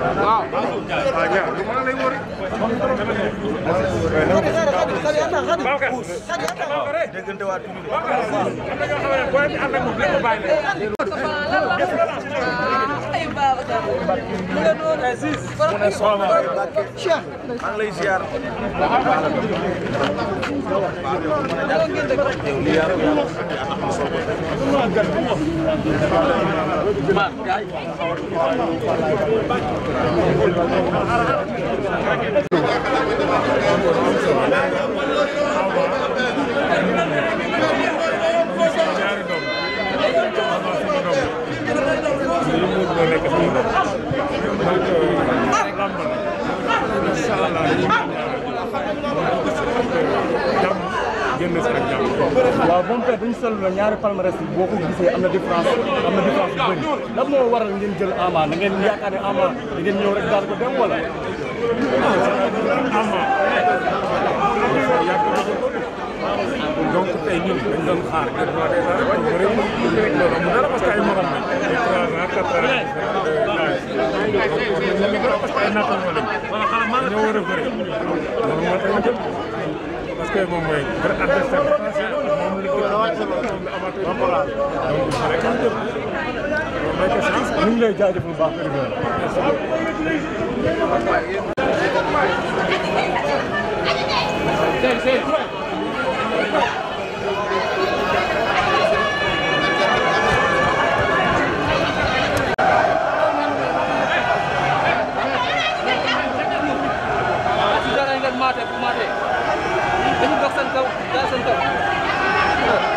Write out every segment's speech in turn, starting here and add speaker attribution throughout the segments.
Speaker 1: waaw. ah ñaar lu mën lay wóor it. maa ngi lay ziar. moom tey dañu seetlu ne ñaari palmarès yi boo ko gisee am na différence am na différence bu moo waral ngeen jël Ama da ngeen yaakaar Ama da ngeen ñëw rek daal ko dem wala. Ama donc tey ñun dañ doon xaar quatre mois ma lañ ñoo war a bëri loolu ñu ngi lay jaajëf bu baax Mate, mate. Ini boxan kau, boxan kau.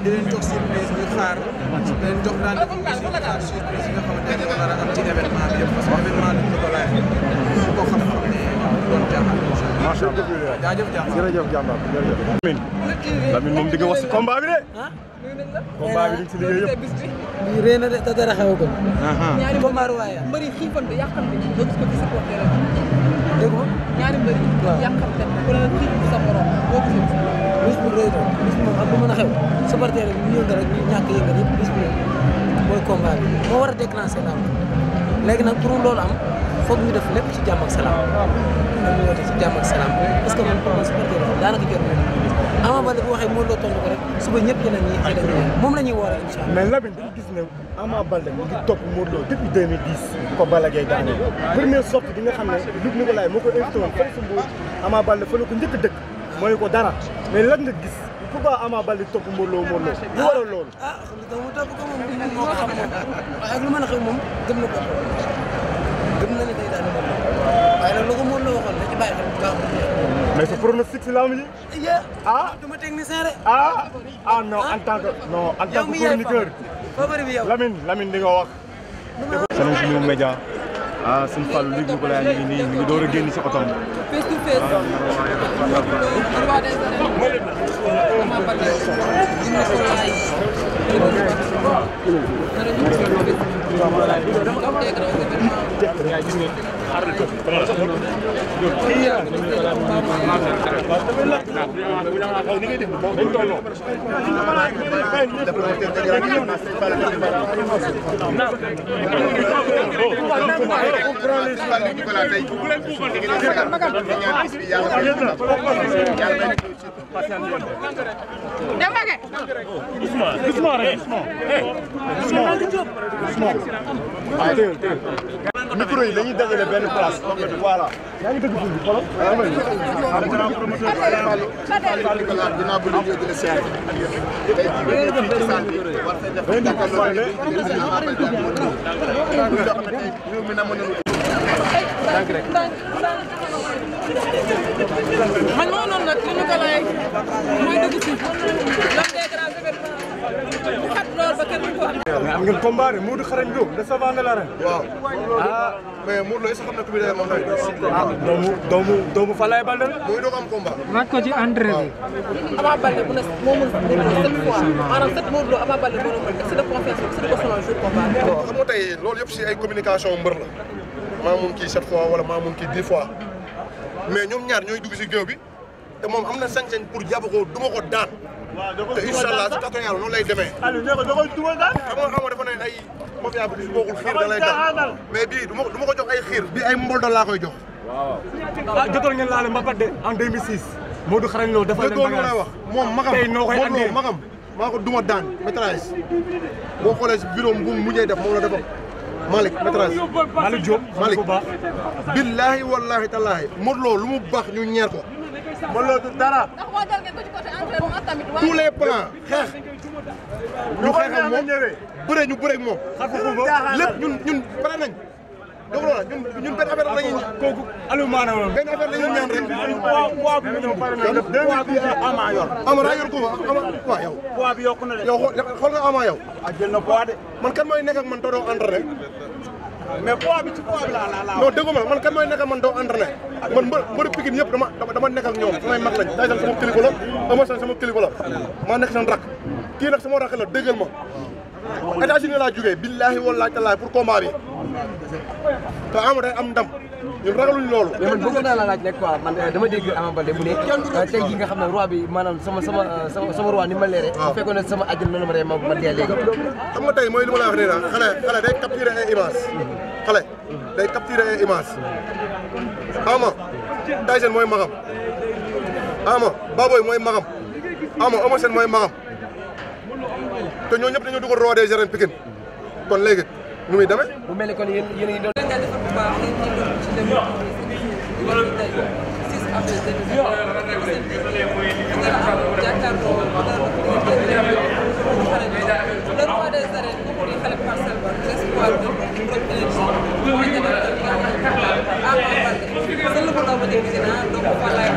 Speaker 1: mais di leen jox surprise ñu xaar di leen jox rendez-vous aussi ñu xaar surprise yi nga xamante ne war a am ci événement bi yëpp parce que événement bi ñu ko laaj ñu ko xam-xam ne doon jaaxal macha allah jaajëf jàmbaar jërëjëf jàmbaar jërëjëf Lamine Lamine moom di nga wax si combat bi de ah? combat bi di ci liggéey yëpp bi réena de ta dara xew ko ñaari combat waaye mbëri xiifal bi yàqal bi nga gis ko ci supporter dégg nga ñaari mbëri yàqal te ku la xiif sa borom boo ko bis bu rëy la bis moom ak bu war a déclencher léegi nag pour loolu am foog ñu def lépp ci jàmm ak salaam dañu woote ci parce que man pour man supporter la daanaka jot na la ñuy woor mais Lamine dañu gis ne Ama Baldé mu ngi topp Modou Lo depuis 2010 ko Balla nga xam ne Luc Nicolaï moo ko invité woon fële sa Mbour Ama la ko njëkk dëkk mooy ko dara mais lan nga gis pourquoi Ama Baldé topp Modou Lo ah, moo ko lu mën a xew moom na ko gëm na ne day daan Modou Lo waaye nag lu ko Modou Lo waxoon da ci bàyyi xel bu baax. mais sa pronostic si lamb ji. ah du ma technicien ah? Ah, en tant que non en tant que chroniqueur. ah suñu fàllu Luc Nicolaï ñu ngi nii ñu ngi door a génn si otoom. face to face. waaw waaw waaw gis nga xaaral ko. kii yaa ni ngay def dañ tolloo. Ousmane Ousmane rek Ousmane Ousmane micro yi dañuy dajale benn place voilà. yaa ngi dëgg ful bi xoolal. dinaa bëgg a jël seer. tey jii ba ñu ci saal bi war nañ def ak Dakar loolu lépp ñu na mën a man moo noonu nag li ñu ko lay mooy dëgg si. mu xat lool ba kenn ko am. mais am ngeen combat de Modou Xarañ Lo le savant de l'arène. waaw ah mais Modou Lo est-ce que xam na ku bi day moom tey. ah doomu doomu doomu Falaye Balde la. muy doog am combat. laaj ko ci entrée bi. Ama Balde mu ne moo mun sept fois maanaam sept Modou Lo Ama Balde moo doon excès de confiance excès de confiance jour combat. waaw xam nga tey loolu yëpp si ay communication mbër la maa mun kii sept fois wala maa mun kii dix fois mais ñoom ñaar ñooy dugg si géew bi te moom am na sañ-sañ pour jàpp ko duma ko daan. te incha a si kàttan yàlla noonu lay demee. Aliou nee ko da koy dugal daal. xam nga dafa ne ay mafia bi su bokkul xiir da lay dal mais bii du ma du ma ko jox ay xiir. bii ay mbol dal laa jox. waaw. ah jotoon ngeen laale Mbapat de en 2006. Modou Xarañ Lo dafa leen bagage wax ko duma daan métrage la defam Malick métrage Malick Diop Malick billaahi wallaahi tallaahi Modou lu mu baax ñu ñeer ko. Modou Lo tous les plans xeex ñu xeex ak moom ñu bëre ak moom ñun ñun pare nañ donc loolu ñun ñun benn affaire la ñuy ñaan kooku Aliou Mané woon benn affaire la rek poids bi ñu ñëw Ama yor Ama yor xool nga Ama yow ah, man kan mooy nekk man to doo entraîné mais poids bi ci poids bi laa laa laa. non dëgguma man kan mooy nekkal man doo entraîné man mbë mbëru Pikine yëpp dama dama nekk ñoom samay mag lañ sama kilifa la Eumeu Sène sama kilifa la kii nag sama rakk la dëggal ma États-Unis billaahi wallaahi tallaahi pour combat bi te am am ndam ñun ragaluñ loolu. mais man bëgg naa la laaj rek quoi man euh, dama dégg Ama Baldé mu ne euh, tey jii nga xam ne roi bi maanaam sama sama euh, ni ma leeree. waaw bu fekkoon ne sama àjjana noonu ma dee ma ma dee mooy li ma la wax nii xale xale day capturer ay image xale day capturer ay image ama Tyson mooy magam ama Baboy mooy magam ama Eumeu Sène mooy magam te ñoo ñëpp dañoo dugal roi des arènes Pikine kon léegi nu muy demee. bu mel ni kon yéen yéen a doon. waaw léegi ñu doon ci dëkk bi ñu ngi tey 6 avril 2020 nga xam jàkkaarloo wala le roi des arènes comme ni xale parcelle ba l'espoir de Rock Énergie mooy jëndal ak Ama Baldé. sëñ bi ko doon ba dégg dinaa donc voilà.